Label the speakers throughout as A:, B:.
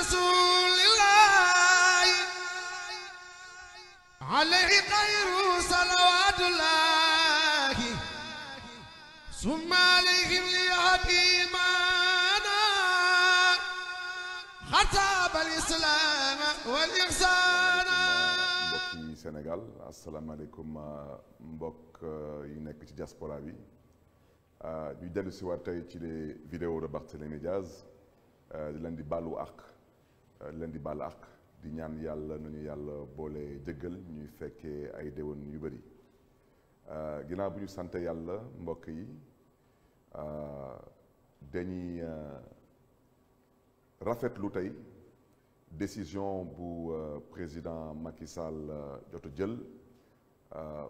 A: رسول الله عليه خير صلوات الله ثم عليهم ليهدي معنا خطاب الإسلام والإحسان mbokki Sénégal asalaamaaleykum euh, mbokk euh, yi nekk ci diaspora bi euh, ñu dellu si waat tey ci les vidéos de Barthélémy Diaz di leen di baalu àq Euh, leen di baal di ñaan yàlla nañu yàlla boole jëggal ñuy fekkee ay déwén yu bëri euh, ginnaaw bu ñu sant yàlla mbokk yi euh, dañuy rafetlu tey décision bu président Macky Sall jot a jël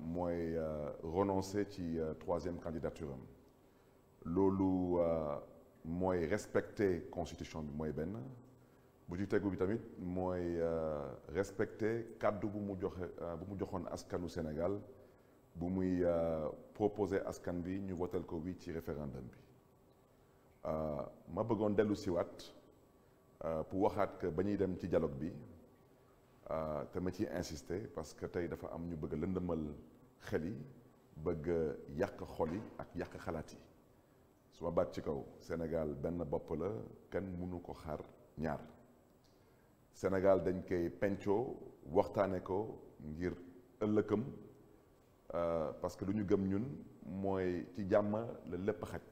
A: mooy renoncer ci troisième candidature loolu mooy respecter constitution bi mooy benn bu ci tegu bi tamit mooy euh, respecter kàddu bu mu joxe euh, bu mu joxoon askanu Sénégal bu muy euh, proposer askan bi ñu votel ko wi ci référendum bi ma bëggoon dellu siwaat pour waxaat que ba ñuy dem ci dialogue bi te ma ci insister parce que tey dafa am ñu bëgg lëndëmal xel yi bëgg yàq xol yi ak yàq xalaat yi su ma baat ci kaw Sénégal benn bopp la kenn mënu ko xaar ñaar Sénégal dañ koy pencoo waxtaane ko ngir ëllëkam euh, parce que lu ñu gëm ñun mooy ci jàmm la lépp xaj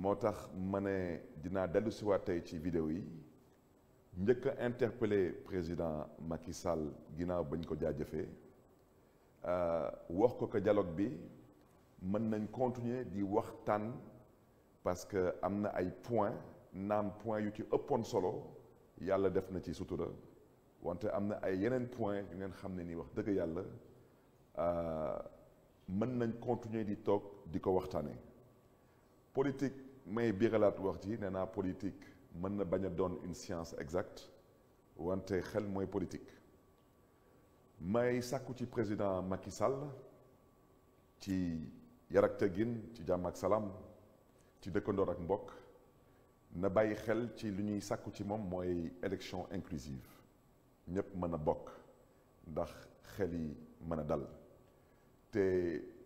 A: moo tax ma ne dinaa dellu siwaat tey ci vidéo yi njëkk a interpellé président Macky Sall ginnaaw bañ ko jaajëfee euh, wax ko ko dialogue bi mën nañ continuer di waxtaan parce que am na ay point naam point yu ci ëppoon solo yàlla def na ci sutura wante am na ay yeneen point yu ngeen xam ne nii wax dëgg yàlla euh, mën nañ continuer di toog di ko waxtaanee politique may biiralaat wax ji nee naa politique mën na bañ a doon une science exacte wante xel mooy politique may sàkku ci président Macky Sall ci yar ak teggin ci jàmm ak salaam ci dëkkandoor ak mbokk na bàyyi xel ci lu ñuy sàkku ci moom mooy élection inclusive ñëpp mën a bokk ndax xel yi mën a dal te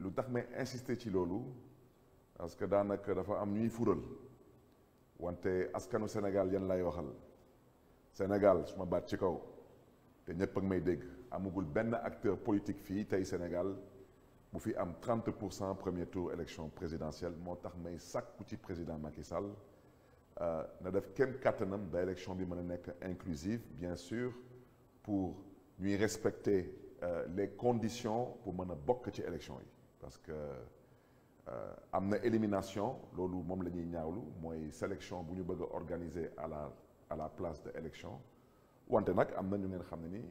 A: lu tax may insister ci loolu parce que daanaka dafa am ñuy fural wante askanu Sénégal yan lay waxal Sénégal su ma baat ci kaw te ñëpp ak may dégg amugul benn acteur politique fii tey Sénégal bu fi am 30 pour cent premier tour élection présidentielle moo tax may sàkku ci président Macky Sall Euh, na def kenn kàttanam ba élection bi mën a nekk inclusive bien sûr pour ñuy respecter euh, les conditions pour mën a bokk ci élection yi parce que euh, am na élimination loolu moom la ñuy ñaawlu mooy sélection bu ñu bëgg a organiser à la à place de élection wante nag am na ñu ngeen xam ne ni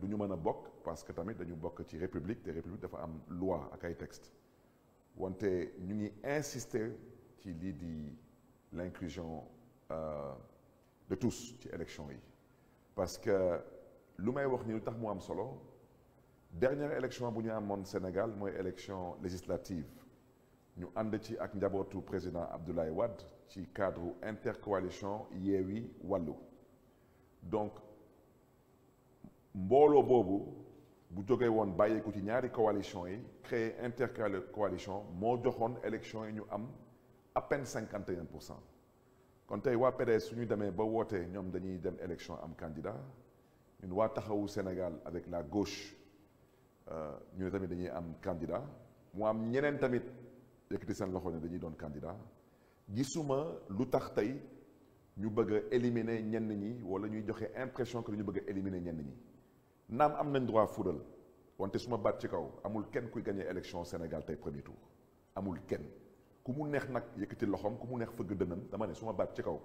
A: du ñu mën a bokk parce que tamit dañu bokk ci république te république dafa am loi ak ay texte wante ñu ngi insister ci lii di l'inclusion euh, de tous ci élection yi parce que lu may wax ni lu tax mu am solo dernière élection bu ñu amoon Sénégal mooy élection législative ñu ànd ci ak njabootu président Abdoulaye Wade ci cadre intercoalition Yewwi Wallu donc mbooloo boobu bu jógee woon bàyyeeku ci ñaari coalition yi créer intercoalition moo joxoon élection yi ñu am à peine cinquante et un pour cent kon tey waa PDS su ñu demee ba wootee ñoom dañuy dem élection am candidat ñun waa taxawu Sénégal avec la gauche euh, ñu ne tamit dañuy am candidat mu am ñeneen tamit yëkkati seen loxo ne dañuy doon candidat gisuma lu tax tey ñu bëgg éliminer ñenn ñi wala ñuy joxe impression que ñu bëgg éliminer ñenn ñi naam am nañ droit fural wante su ma baat ci kaw amul kenn kuy gagné élection Sénégal tey premier tour amul kenn. ku mu neex nag yëkkati loxoom ku mu neex fëgg dënam dama ne su ma baat ci kaw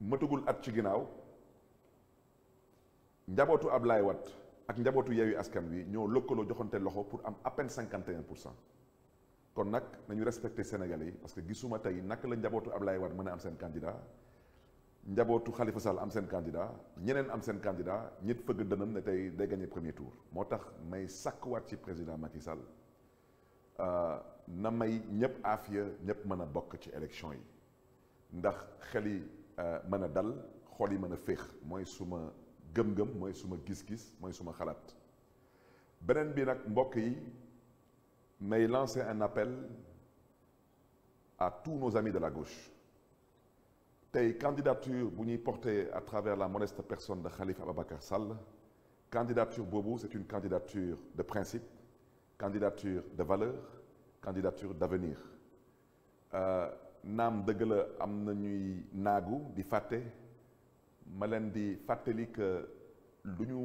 A: matagul at ci ginnaaw njabootu laay Wade ak njabootu Yewwi Askan Wi ñoo lëkkaloo joxante loxo pour am appen peine cinquante et pour cent kon nag nañu respecté Sénégalais yi parce que gisuma tey naka la njabootu Ablaye Wade mën a am seen candidat njabootu xalifa Sall am seen candidat ñeneen am seen candidat ñit fëgg dënam ne tey day gagné premier tour moo tax may sàkk sàkkuwaat ci président Macky Euh, na may ñëpp aafiya ñëpp mën a bokk ci élection yi ndax xel yi euh, mën a dal xol yi mën a féex mooy suma gëm-gëm mooy suma gis-gis mooy suma xalaat beneen bi nag mbokk yi may lancer un appel a tous nos amis de la gauche tey candidature bu ñuy porter à travers la modeste personne de Khalifa Ababacar Sall candidature boobu c'est une candidature de principe candidature de valeur candidature d'avenir euh, naam dëgg la am na ñuy naagu di fàtte ma leen di fàttali que lu ñu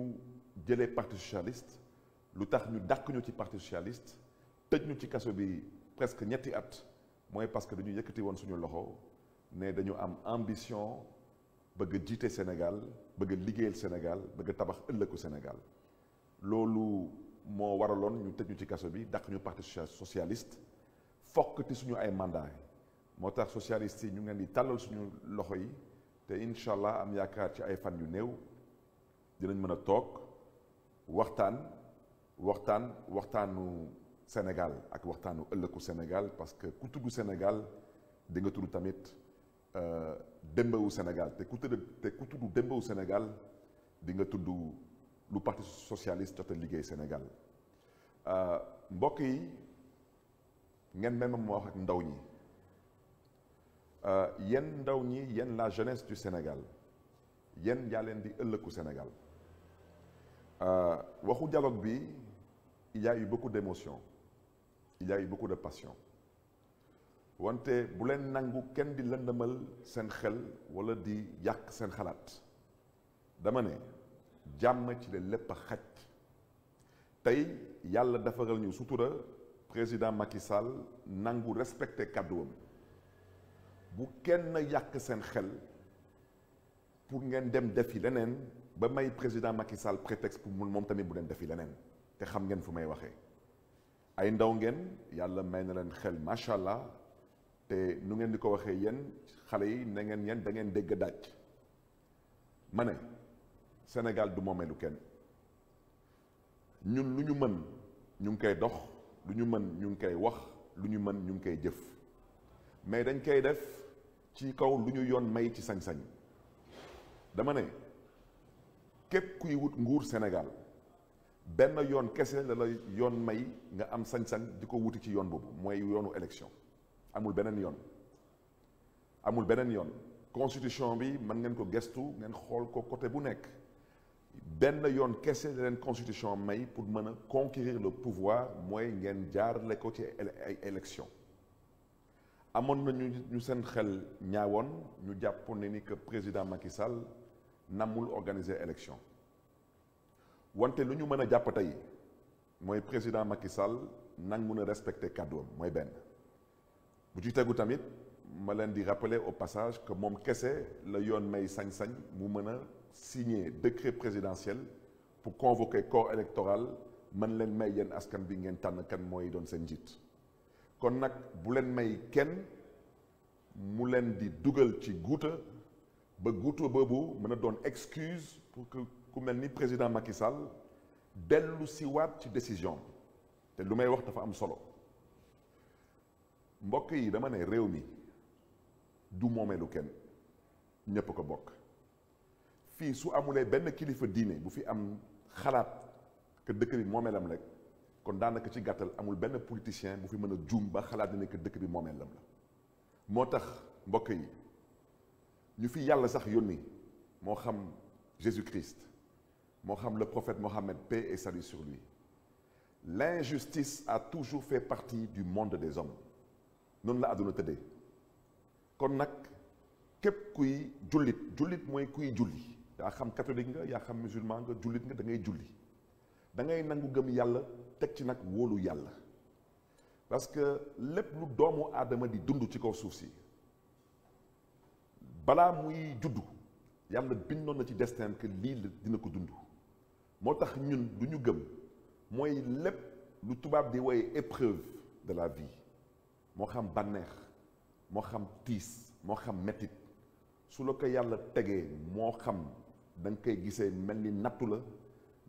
A: jëlee parti socialiste lu tax ñu dàq ñu ci parti socialiste tëj ñu ci kaso bi presque ñetti at mooy parce que dañu yëkkati woon suñu loxo ne dañu am ambition bëgg jiite Sénégal bëgg liggéeyal Sénégal bëgg tabax ëllëgu Sénégal loolu moo waraloon ñu tëj ñu ci kaso bi dàq ñu parti socialiste fokk te suñu ay mandat moo tax socialiste yi ñu ngi leen di tàllal suñu loxo yi te incha allah am yaakaar ci ay fan yu néew dinañ mën a toog waxtaan waxtaan waxtaanu Sénégal ak waxtaanu ëllëgu Sénégal parce que ku tudd Sénégal di nga tudd tamit euh, démbawu Sénégal te ku tudd te ku tudd démbawu Sénégal di nga tudd. lu parti socialiste jot liggéey Sénégal euh, mbokk yi ngeen même wax ak ndaw ñi euh, yenn ndaw ñi yenn la jeunesse du Sénégal yéen yaa leen di ëllëgu Sénégal euh, waxu dialogue bi il y a eu beaucoup d'émotion il y a eu de passion wante bu leen nangu kenn di lëndëmal seen xel wala di yàq seen xalaat dama ne jàmm ci la lépp a xaj tey yàlla defaral ñu sutura président Macky Sall nangu respecté kàdduwam bu kenn yàq seen xel pour ngeen dem def defi leneen ba may président Macky Sall prétexte pour mun moom tamit bu dem defi leneen te xam ngeen fu may waxee ay ndaw ngeen yàlla may na leen xel macha allah te nu ngeen di ko waxee yéen xale yi na ngeen yéen da ngeen dégg daaj ma ne Sénégal du moo moomeelu kenn ñun lu ñu mën ñu ngi koy dox lu ñu mën ñu ngi koy wax lu ñu mën ñu ngi koy jëf mais dañ koy def ci kaw lu ñu yoon may ci sañ-sañ dama ne képp kuy wut nguur Sénégal benn yoon kese la la yoon may nga am sañ-sañ di ko wuti ci yoon boobu mooy yoonu élection amul beneen yoon amul beneen yoon constitution bi mën ngeen ko gestu ngeen xool ko côté bu nekk benn yoon kese la leen constitution may pour mën a conquérir le pouvoir mooy ngeen jaarale ko ci ay élection amoon na ñu ñu seen xel ñaawoon ñu jàpp ne ni que président Macky Sall namul organiser élection wante lu ñu mën a jàpp tey mooy président Macky Sall nangu na respecter kàddoom mooy benn bu ci tegu tamit ma leen di rappeler au passage que moom kese la yoon may sañ-sañ mu mën a signer décret présidentiel pour convoquer corps électoral man leen may yéen askan bi ngeen tànn kan mooy doon seen njiit kon nag bu leen may kenn mu leen di dugal ci guuta ba guuta boobu mën a doon excuse pour ku mel ni président Macky Sall dellu si waat ci décision te lu may wax dafa am solo mbokk yi dama ne réew mi du moomeelu kenn ñépp ko bokk fii su amulee benn kilifa diine bu fi am xalaat que dëkk bi moomeelam rek kon daanaka ci gàttal amul benn politicien bu fi mën a juum ba xalaat ne que dëkk bi moomeelam la moo tax mbokk yi ñu fi yàlla sax yónni moo xam Jésus Christ moo xam le prophète Mohammed paix et salut sur lui l'injustice a toujours fait partie du monde des hommes noonu la àdduna tëddee kon nag képp kuy jullit jullit mooy kuy julli yaa xam catholique nga yaa xam musulman nga jullit nga da ngay julli da ngay nangu gëm yàlla teg ci nag wóolu yàlla parce que lépp lu doomu aadama di dund ci kaw suuf si balaa muy juddu yàlla bindoon na ci destin que lii dina ko dund moo tax ñun lu ñu gëm mooy lépp lu tubaab di woye épreuve de la vie moo xam bànneex moo xam tiis moo xam mettit su la ko yàlla tegee moo xam da nga koy gisee mel ni nattu la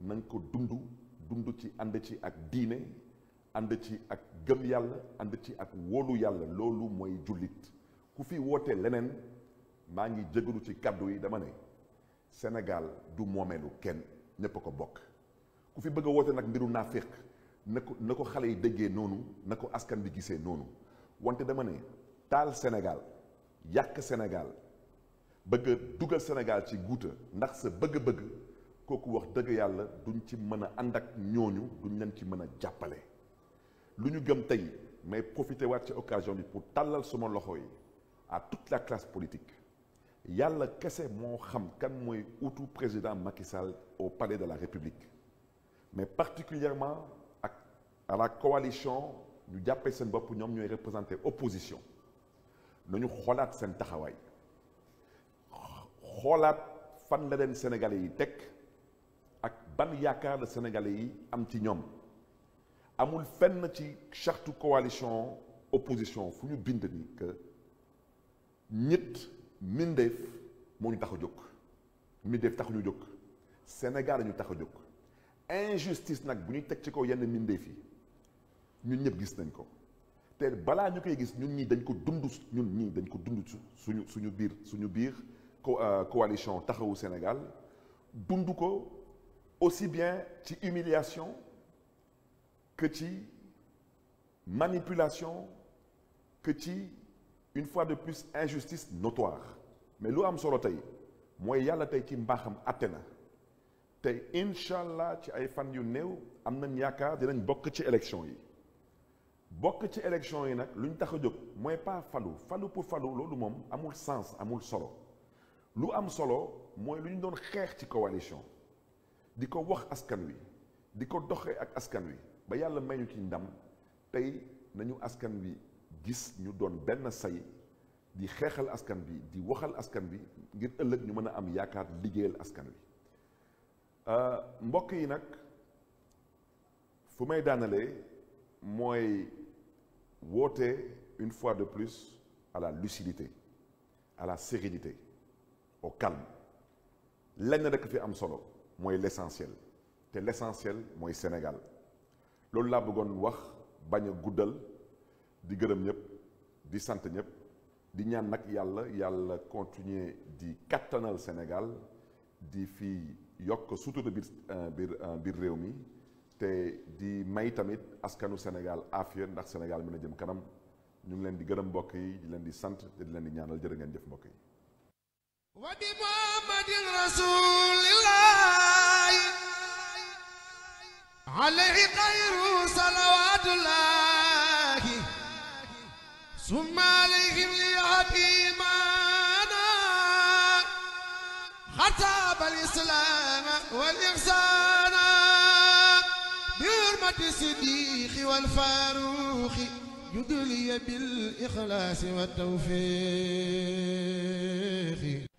A: na ko dund dund ci ànd ci ak diine ànd ci ak gëm yàlla ànd ci ak wóolu yàlla loolu mooy jullit ku fi woote leneen maa ngi jégalu ci kàddu yi dama ne Sénégal du moomeelu kenn ñépp a ko bokk ku fi bëgg a woote nag mbiru naaféq na ko na ko xale yi dëggee noonu na ko askan bi gisee noonu wante dama ne taal Sénégal yàq Sénégal bëgg a Sénégal ci guuta ndax sa bëgg-bëgg kooku wax dëgg yàlla duñ ci mën a ànd ak ñooñu duñ leen ci mën a jàppale lu ñu gëm tey may profité waat ci occasion bi pour tàllal suma loxo yi à toute la classe politique yàlla kese moo xam kan mooy utu président Macky au palais de la République mais particulièrement ak à la coalition ñu jàppee seen bopp ñoom ñooy représenté opposition nañu xoolaat seen taxawaay xoolaat fan la leen sénégalais yi teg ak ban yaakaar la sénégalais yi am ci ñoom amul fenn ci charte coalition opposition fu ñu bind ni que ñit mindeef moo ñu tax a jóg mindeef taxu ñu jóg Sénégal la ñu tax a jóg injustice nag bu ñuy teg ci kaw yenn mindeef yi ñun ñëpp gis nañ ko te balaa ñu koy gis ñun ñi dañ ko dund ñun ñii dañ ko dund suñu suñu biir suñu biir Euh, coalition taxawu Sénégal dund ko aussi bien ci humiliation que ci manipulation ci une fois de plus injustice notoire mais lu am solo tey mooy yàlla tey ci mbaaxam àtte na tey incha allah ci ay fan yu néew am nañ yaakaar dinañ bokk ci élection yi bokk ci élection yi nag lu ñu tax a jóg mooy pa falu falu pour falu loolu moom amul sens amul solo lu am solo mooy lu ñu doon xeex ci coalition di ko wax askan wi di ko doxee ak askan wi ba yàlla may ñu ci ndam tey nañu askan wi gis ñu doon benn say di xeexal askan bi di waxal askan bi ngir ëllëg ñu mën a am yaakaar liggéeyal askan wi euh, mbokk yi nag fu may daanalee mooy woote une fois de plus à la lucidité à la sérénité au calme lenn rek fi am solo mooy l'essentiel te l'essentiel mooy Sénégal loolu laa bëggoon wax bañ a guddal di gërëm ñëpp di sant ñëpp di ñaan nag yàlla yàlla continuer di kattanal Sénégal di fi yokk sutura biir euh, biir euh, biir réew mi te di may tamit askanu Sénégal aafiya ndax Sénégal mën a jëm kanam ñu ngi leen di gërëm mbokk yi di leen di sant te di leen di ñaanal jërë ngeen jëf mbokk yi wadi muhammadin rasulillahi alayhi xayru salawatullahi summa alayhim liyatimana xatab alislaam wal ihsana bi hurmati siddiqi wal faruqi judliya bil ikhlaasi wat tawfiiqi